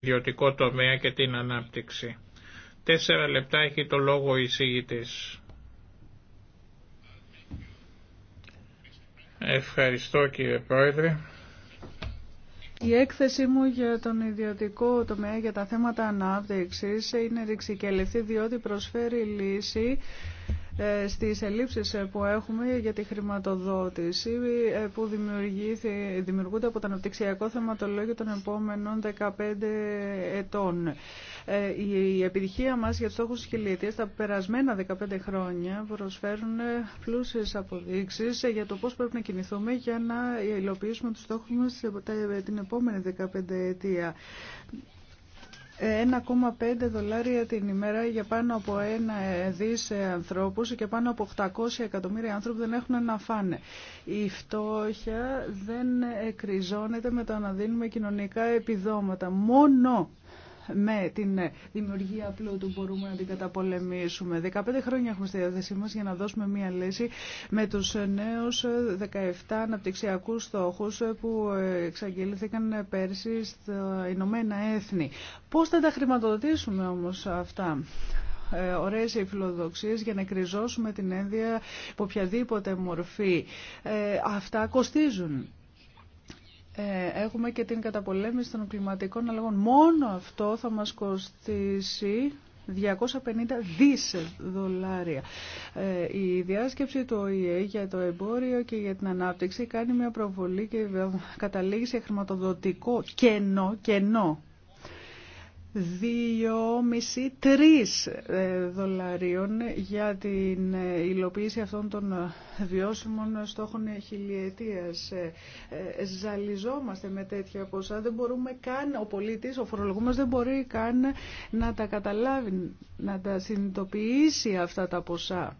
ιδιωτικό τομέα και την ανάπτυξη. Τέσσερα λεπτά έχει το λόγο η εισηγητής. Ευχαριστώ κύριε Πρόεδρε. Η έκθεση μου για τον ιδιωτικό τομέα για τα θέματα ανάπτυξης είναι ρηξικελευτή διότι προσφέρει λύση ε, στις ελλείψεις ε, που έχουμε για τη χρηματοδότηση ε, που δημιουργούνται από το αναπτυξιακό θεματολόγιο των επόμενων 15 ετών. Η επιτυχία μας για τους στόχους χιλιετίας τα περασμένα 15 χρόνια προσφέρουν πλούσιες αποδείξεις για το πώς πρέπει να κινηθούμε για να υλοποιήσουμε τους στόχους μας την επόμενη 15 ετία. 1,5 δολάρια την ημέρα για πάνω από ένα δις ανθρώπους και πάνω από 800 εκατομμύρια άνθρωποι δεν έχουν να φάνε. Η φτώχεια δεν εκριζώνεται με το να δίνουμε κοινωνικά επιδόματα. Μόνο με την δημιουργία πλούτου μπορούμε να την καταπολεμήσουμε. 15 χρόνια έχουμε στη διάθεσή μας για να δώσουμε μία λύση με τους νέους 17 αναπτυξιακούς στόχους που εξαγγελήθηκαν πέρσι στα Ηνωμένα Έθνη. Πώς θα τα χρηματοδοτήσουμε όμως αυτά ε, ωραίες οι φιλοδοξίες για να κρυζώσουμε την ένδια από οποιαδήποτε μορφή. Ε, αυτά κοστίζουν. Ε, έχουμε και την καταπολέμηση των κλιματικών αλλαγών. Μόνο αυτό θα μας κοστίσει 250 δις δολάρια. Ε, η διάσκεψη του ΟΗΕ για το εμπόριο και για την ανάπτυξη κάνει μια προβολή και καταλήγει σε χρηματοδοτικό κενό, κενό 2,5-3 ε, δολαρίων για την ε, υλοποίηση αυτών των ε, βιώσιμων στόχων χιλιετίας. Ζαλιζόμαστε με τέτοια ποσά. Δεν μπορούμε καν, ο πολίτης, ο φορολογούμενος δεν μπορεί καν να τα καταλάβει, να τα συνειδητοποιήσει αυτά τα ποσά.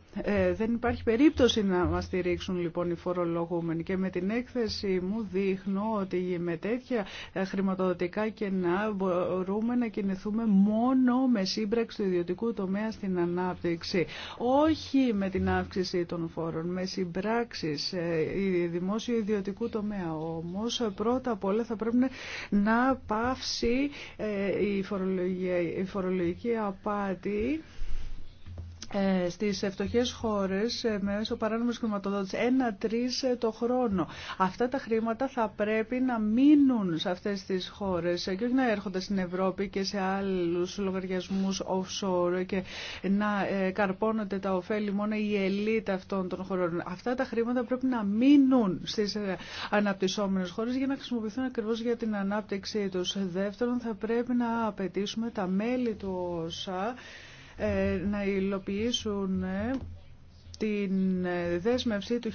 Δεν υπάρχει περίπτωση να μας στηρίξουν λοιπόν οι φορολογούμενοι. Και με την έκθεση μου δείχνω ότι με τέτοια χρηματοδοτικά κενά μπορούμε να κινηθούμε κινηθούμε μόνο με σύμπραξη του ιδιωτικού τομέα στην ανάπτυξη. Όχι με την αύξηση των φόρων, με συμπράξεις ε, δημόσιο ιδιωτικού τομέα. Όμως πρώτα απ' όλα θα πρέπει να πάυσει ε, η φορολογική απάτη ε, στις φτωχές χώρες ε, μέσω παράνομης χρηματοδότησης ένα-τρεις ε, το χρόνο. Αυτά τα χρήματα θα πρέπει να μείνουν σε αυτές τις χώρες ε, και όχι να έρχονται στην Ευρώπη και σε άλλους λογαριασμούς offshore και να καρπώνονται τα ωφέλη μόνο η ελίτ αυτών των χωρών. Αυτά τα χρήματα πρέπει να μείνουν στις αναπτυσσόμενες χώρες για να χρησιμοποιηθούν ακριβώς για την ανάπτυξή τους. Δεύτερον, θα πρέπει να απαιτήσουμε τα μέλη του ΩΣΑ ε, να υλοποιήσουν ε, την ε, δέσμευση του 1970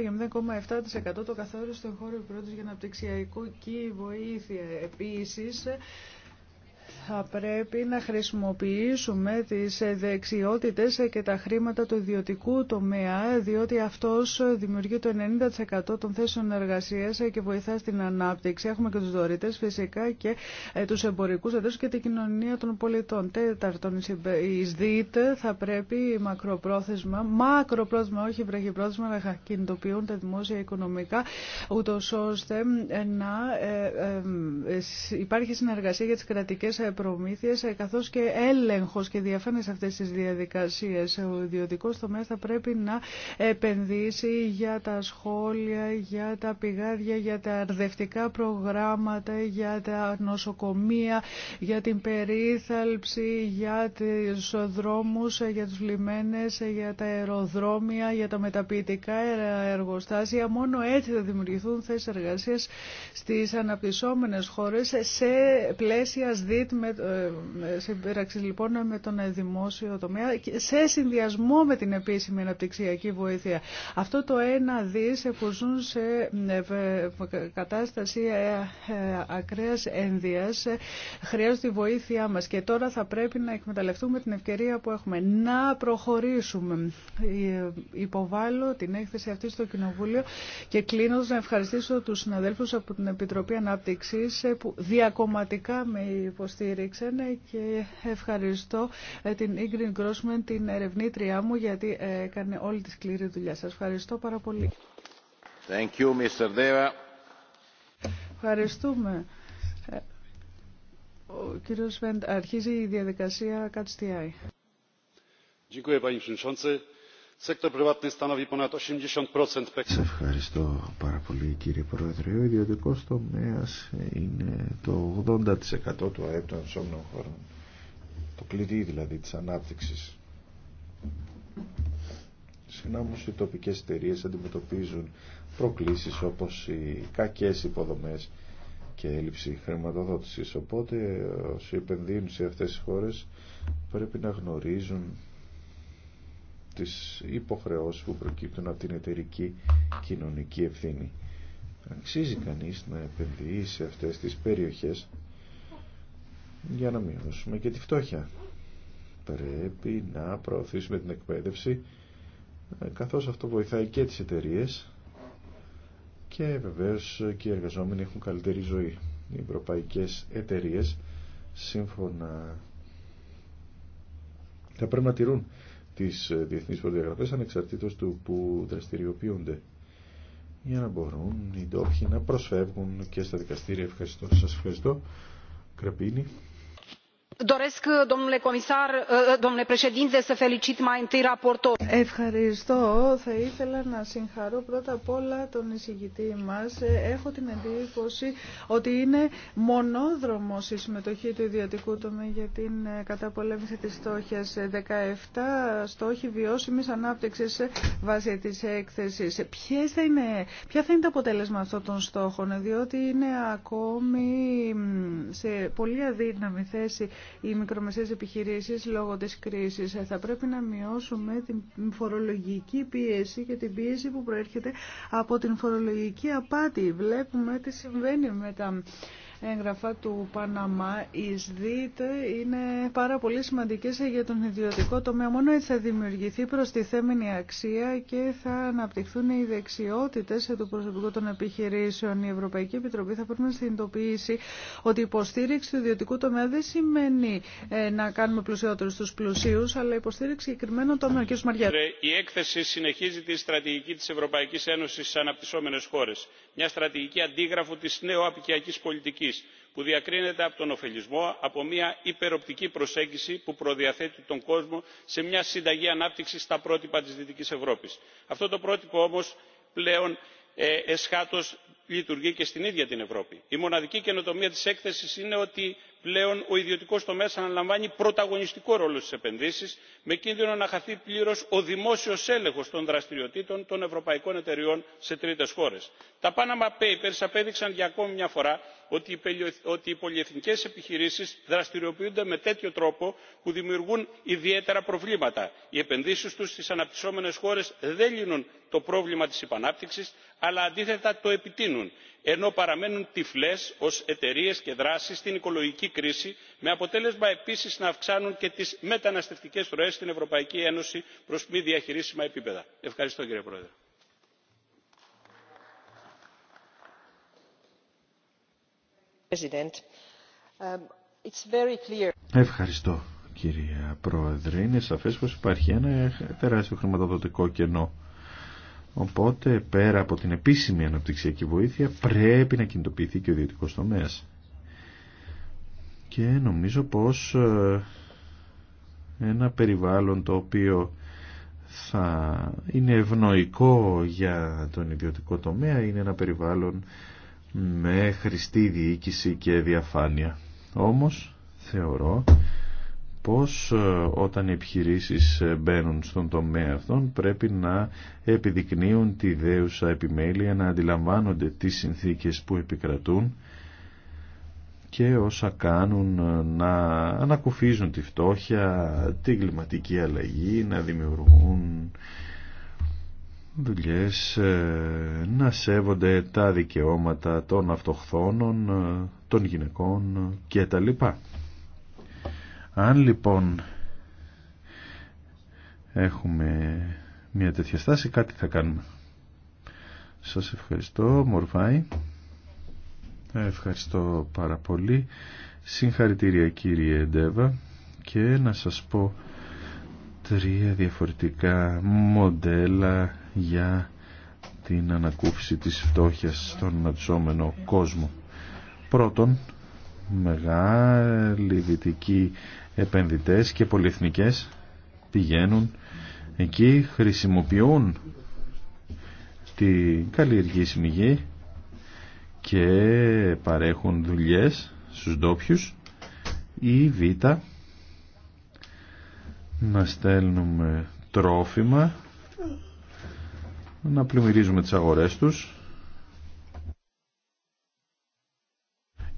για 0,7% το καθόριστο χώρο πρώτης για αναπτυξιακό και βοήθεια. Επίσης, θα πρέπει να χρησιμοποιήσουμε τις δεξιότητες και τα χρήματα του ιδιωτικού τομέα, διότι αυτός δημιουργεί το 90% των θέσεων εργασίας και βοηθά στην ανάπτυξη. Έχουμε και τους δωρητές φυσικά και ε, τους εμπορικούς εταίρους και την κοινωνία των πολιτών. Τέταρτον, η ΣΔΙΤ θα πρέπει μακροπρόθεσμα, μακροπρόθεσμα, όχι βραχυπρόθεσμα, να κινητοποιούν τα δημόσια οικονομικά, ούτως ώστε να ε, ε, υπάρχει συνεργασία για τις κρατικές προμήθειες ε, καθώς και έλεγχος και διαφάνεια σε αυτές τις διαδικασίες. Ο ιδιωτικό τομέας θα πρέπει να επενδύσει για τα σχόλια, για τα πηγάδια, για τα αρδευτικά προγράμματα, για τα νοσοκομεία, για την περίθαλψη, για τους δρόμους, για τους λιμένες, για τα αεροδρόμια, για τα μεταποιητικά εργοστάσια. Μόνο έτσι θα δημιουργηθούν θέσεις εργασίας στις αναπτυσσόμενες χώρες σε πλαίσια ΣΔΙΤ με, σε πέραξη λοιπόν με τον δημόσιο τομέα σε συνδυασμό με την επίσημη αναπτυξιακή βοήθεια. Αυτό το ένα δις που ζουν σε ε, κατάσταση ε, ε, ακραίας ένδυας χρειάζεται βοήθειά μας και τώρα θα πρέπει να εκμεταλλευτούμε την ευκαιρία που έχουμε να προχωρήσουμε. Υποβάλλω την έκθεση αυτή στο Κοινοβούλιο και κλείνω να ευχαριστήσω τους συναδέλφους από την Επιτροπή Ανάπτυξης που διακομματικά με υποστηρίζουν στήριξαν και ευχαριστώ ε, την Ingrid Γκρόσμεν, την ερευνήτριά μου, γιατί ε, έκανε όλη τη σκληρή δουλειά. Σας ευχαριστώ πάρα πολύ. Thank you, Mr. Deva. Ευχαριστούμε. Ε, ο κύριος Βέντ, αρχίζει η διαδικασία Dziękuję, Przewodniczący. Ευχαριστώ πάρα πολύ κύριε Πρόεδρε. Ο ιδιωτικό τομέα είναι το 80% του ΑΕΠ των ενσόμενων χωρών. Το κλειδί δηλαδή τη ανάπτυξη. Συχνά οι τοπικέ εταιρείε αντιμετωπίζουν προκλήσει όπω οι κακέ υποδομέ και έλλειψη χρηματοδότηση. Οπότε όσοι επενδύουν σε αυτέ τι χώρε πρέπει να γνωρίζουν τις υποχρεώσεις που προκύπτουν από την εταιρική κοινωνική ευθύνη. Αξίζει κανείς να επενδύει σε αυτές τις περιοχές για να μειώσουμε και τη φτώχεια. Πρέπει να προωθήσουμε την εκπαίδευση ε, καθώς αυτό βοηθάει και τις εταιρείε και βεβαίως και οι εργαζόμενοι έχουν καλύτερη ζωή. Οι ευρωπαϊκέ εταιρείε σύμφωνα θα πρέπει να τηρούν τις ε, Διεθνής προδιαγραφές ανεξαρτήτως του που δραστηριοποιούνται για να μπορούν οι ντόπιοι να προσφεύγουν και στα δικαστήρια. Ευχαριστώ. Σας ευχαριστώ. Κραπίνη. Ευχαριστώ. Θα ήθελα να συγχαρώ πρώτα απ' όλα τον εισηγητή μας. Έχω την εντύπωση ότι είναι μονόδρομος η συμμετοχή του ιδιωτικού τομέα για την καταπολέμηση της στόχιας 17 στόχοι βιώσιμης ανάπτυξης βάσει της έκθεσης. ποια θα είναι τα αποτέλεσμα αυτών των στόχων, διότι είναι ακόμη σε πολύ αδύναμη θέση οι μικρομεσαίες επιχειρήσεις λόγω της κρίσης. Θα πρέπει να μειώσουμε την φορολογική πίεση και την πίεση που προέρχεται από την φορολογική απάτη. Βλέπουμε τι συμβαίνει με τα έγγραφα του Παναμά, εις είναι πάρα πολύ σημαντικές για τον ιδιωτικό τομέα. Μόνο έτσι θα δημιουργηθεί τη θέμενη αξία και θα αναπτυχθούν οι δεξιότητες του προσωπικού των επιχειρήσεων. Η Ευρωπαϊκή Επιτροπή θα πρέπει να συνειδητοποιήσει ότι η υποστήριξη του ιδιωτικού τομέα δεν σημαίνει ε, να κάνουμε πλουσιότερους τους πλουσίους, αλλά υποστήριξη συγκεκριμένων τομέων. Η έκθεση συνεχίζει τη στρατηγική της Ευρωπαϊκής Ένωσης στι αναπτυσσόμενες χώρες. Μια στρατηγική αντίγραφο της νέου πολιτικής που διακρίνεται από τον ωφελισμό από μια υπεροπτική προσέγγιση που προδιαθέτει τον κόσμο σε μια συνταγή ανάπτυξη στα πρότυπα της δυτικής ευρώπης. αυτό το πρότυπο όμως πλέον ε, εσχάτως λειτουργεί και στην ίδια την ευρώπη. η μοναδική καινοτομία της έκθεσης είναι ότι πλέον ο ιδιωτικό τομέας αναλαμβάνει πρωταγωνιστικό ρόλο στις επενδύσει, με κίνδυνο να χαθεί πλήρω ο δημόσιο έλεγχος των δραστηριοτήτων των ευρωπαϊκών εταιριών σε τρίτες χώρε. τα panama papers απέδειξαν για ακόμη μια φορά ότι οι πολυεθνικές επιχειρήσει δραστηριοποιούνται με τέτοιο τρόπο που δημιουργούν ιδιαίτερα προβλήματα. οι επενδύσει του, στις αναπτυσσόμενες χώρε δεν λύνουν το πρόβλημα της υπανάπτυξης αλλά αντίθετα το επιτείνουν ενώ παραμένουν τυφλές ως εταιρείες και δράσεις στην οικολογική κρίση με αποτέλεσμα επίσης να αυξάνουν και τις μεταναστευτικές ροές στην ευρωπαϊκή ένωση προς μη διαχειρίσιμα επίπεδα. ευχαριστώ κύριε πρόεδρε. Um, ευχαριστώ κύριε Πρόεδρε. Είναι σαφές πως υπάρχει ένα τεράστιο χρηματοδοτικό κενό Οπότε πέρα από την επίσημη αναπτυξιακή βοήθεια πρέπει να κινητοποιηθεί και ο ιδιωτικό τομέα. Και νομίζω πως ε, ένα περιβάλλον το οποίο θα είναι ευνοϊκό για τον ιδιωτικό τομέα είναι ένα περιβάλλον με χρηστή διοίκηση και διαφάνεια. Όμως θεωρώ πως ε, όταν οι επιχειρήσεις ε, μπαίνουν στον τομέα αυτών πρέπει να επιδεικνύουν τη δέουσα επιμέλεια, να αντιλαμβάνονται τις συνθήκες που επικρατούν και όσα κάνουν ε, να ανακουφίζουν τη φτώχεια, την κλιματική αλλαγή, να δημιουργούν δουλειές, να σέβονται τα δικαιώματα των αυτοχθώνων, των γυναικών και αν λοιπόν έχουμε μια τέτοια στάση κάτι θα κάνουμε. Σας ευχαριστώ Μορβάη. Ευχαριστώ πάρα πολύ. Συγχαρητήρια κύριε Ντέβα και να σας πω τρία διαφορετικά μοντέλα για την ανακούφιση της φτώχειας στον αναψώμενο κόσμο. Πρώτον, μεγάλοι δυτικοί επενδυτές και πολυεθνικές πηγαίνουν εκεί, χρησιμοποιούν τη καλλιεργήσιμη γη και παρέχουν δουλειές στους ντόπιου ή β να στέλνουμε τρόφιμα να πλημμυρίζουμε τις αγορές τους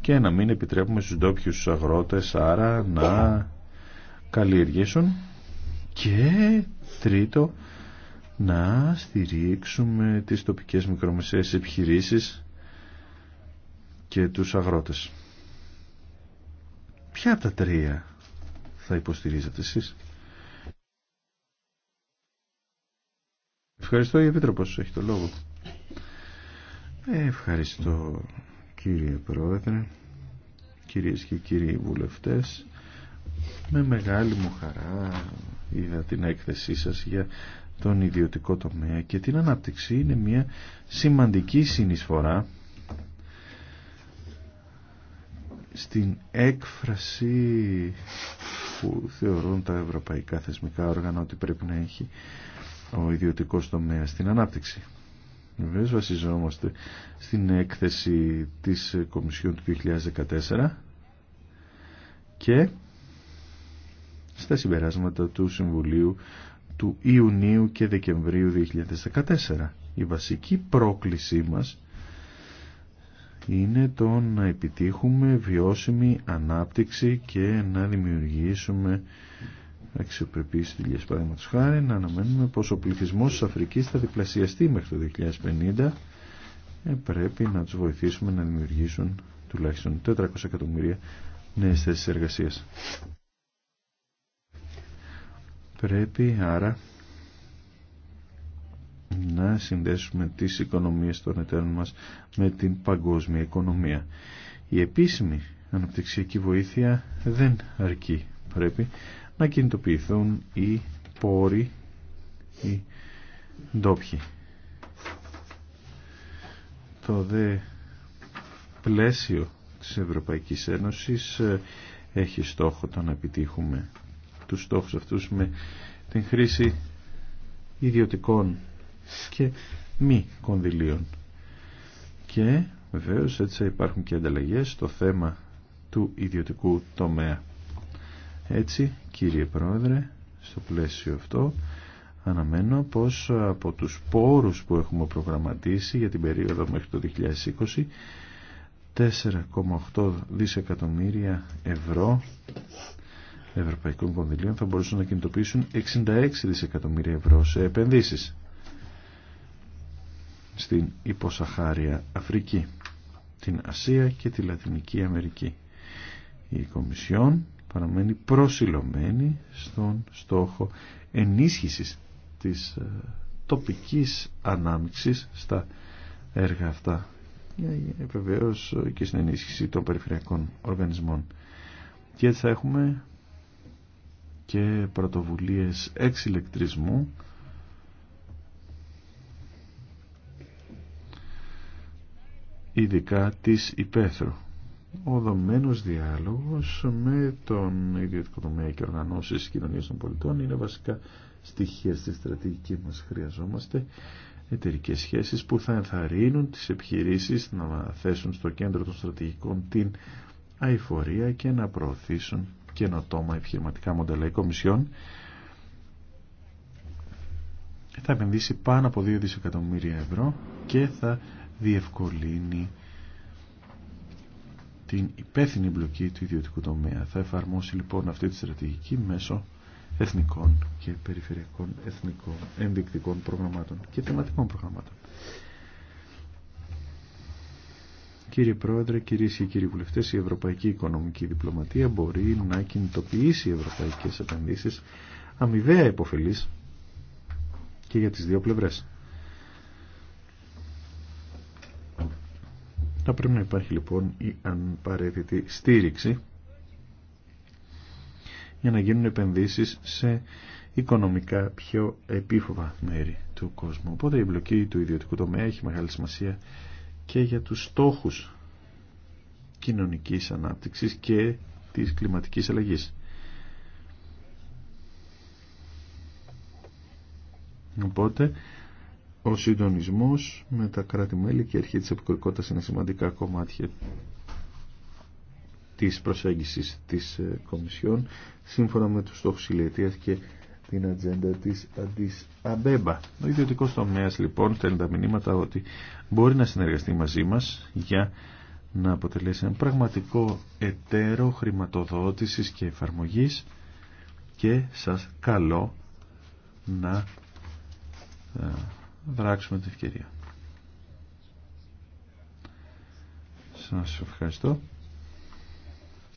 και να μην επιτρέπουμε στους ντόπιου αγρότες άρα να καλλιεργήσουν και τρίτο να στηρίξουμε τις τοπικές μικρομεσαίες επιχειρήσεις και τους αγρότες. Ποια από τα τρία θα υποστηρίζετε εσείς. Ευχαριστώ η Επίτροπος, έχει το λόγο. Ευχαριστώ κύριε Πρόεδρε, κυρίες και κύριοι βουλευτές. Με μεγάλη μου χαρά είδα την έκθεσή σας για τον ιδιωτικό τομέα και την ανάπτυξη είναι μια σημαντική συνεισφορά στην έκφραση που θεωρούν τα ευρωπαϊκά θεσμικά όργανα ότι πρέπει να έχει ο ιδιωτικός τομέας στην ανάπτυξη. Βεβαίως βασιζόμαστε στην έκθεση της Κομισιόν του 2014 και στα συμπεράσματα του Συμβουλίου του Ιουνίου και Δεκεμβρίου 2014. Η βασική πρόκλησή μας είναι το να επιτύχουμε βιώσιμη ανάπτυξη και να δημιουργήσουμε αξιοπρεπείς δουλειές του χάρη να αναμένουμε πως ο πληθυσμός της Αφρικής θα διπλασιαστεί μέχρι το 2050 ε, πρέπει να τους βοηθήσουμε να δημιουργήσουν τουλάχιστον 400 εκατομμύρια νέες θέσεις εργασίας. Πρέπει άρα να συνδέσουμε τις οικονομίες των εταίρων μας με την παγκόσμια οικονομία. Η επίσημη αναπτυξιακή βοήθεια δεν αρκεί. Πρέπει να κινητοποιηθούν οι πόροι, οι ντόπιοι. Το δε πλαίσιο της Ευρωπαϊκής Ένωσης ε, έχει στόχο το να επιτύχουμε τους στόχους αυτούς με την χρήση ιδιωτικών και μη κονδυλίων. Και βεβαίω έτσι υπάρχουν και ανταλλαγές στο θέμα του ιδιωτικού τομέα. Έτσι κύριε Πρόεδρε, στο πλαίσιο αυτό αναμένω πως από τους πόρους που έχουμε προγραμματίσει για την περίοδο μέχρι το 2020 4,8 δισεκατομμύρια ευρώ ευρωπαϊκών κονδυλίων θα μπορούσαν να κινητοποιήσουν 66 δισεκατομμύρια ευρώ σε επενδύσεις στην υποσαχάρια Αφρική, την Ασία και τη Λατινική Αμερική. Η Κομισιόν παραμένει προσιλωμένη στον στόχο ενίσχυσης της ε, τοπικής ανάμειξης στα έργα αυτά ε, ε, βεβαίω και στην ενίσχυση των περιφερειακών οργανισμών και έτσι θα έχουμε και πρωτοβουλίες εξηλεκτρισμού ειδικά της υπαίθρου ο διάλογος με τον ιδιωτικό τομέα και οργανώσεις κοινωνίας των πολιτών είναι βασικά στοιχεία στη στρατηγική μας. Χρειαζόμαστε εταιρικές σχέσεις που θα ενθαρρύνουν τις επιχειρήσεις να θέσουν στο κέντρο των στρατηγικών την αηφορία και να προωθήσουν καινοτόμα επιχειρηματικά μοντέλα. Η Κομισιόν θα επενδύσει πάνω από 2 δισεκατομμύρια ευρώ και θα διευκολύνει την υπεύθυνη μπλοκή του ιδιωτικού τομέα. Θα εφαρμόσει λοιπόν αυτή τη στρατηγική μέσω εθνικών και περιφερειακών εθνικών ενδεικτικών προγραμμάτων και θεματικών προγραμμάτων. Κύριε Πρόεδρε, κυρίε και κύριοι βουλευτέ, η Ευρωπαϊκή Οικονομική Διπλωματία μπορεί να κινητοποιήσει ευρωπαϊκέ επενδύσει αμοιβαία υποφελή και για τι δύο πλευρές. Θα πρέπει να υπάρχει λοιπόν η απαραίτητη στήριξη για να γίνουν επενδύσεις σε οικονομικά πιο επίφοβα μέρη του κόσμου. Οπότε η εμπλοκή του ιδιωτικού τομέα έχει μεγάλη σημασία και για τους στόχους κοινωνικής ανάπτυξης και της κλιματικής αλλαγής. Οπότε ο συντονισμός με τα κράτη-μέλη και η αρχή της επικορικότητας είναι σημαντικά κομμάτια της προσέγγισης της ε, Κομισιόν σύμφωνα με τους στόχους ηλιετίας και την ατζέντα της Αντίς Αμπέμπα. Ο ιδιωτικός τομέας λοιπόν στέλνει τα μηνύματα ότι μπορεί να συνεργαστεί μαζί μας για να αποτελέσει ένα πραγματικό εταίρο χρηματοδότησης και εφαρμογής και σας καλώ να ε, δράξουμε την ευκαιρία. Σας ευχαριστώ.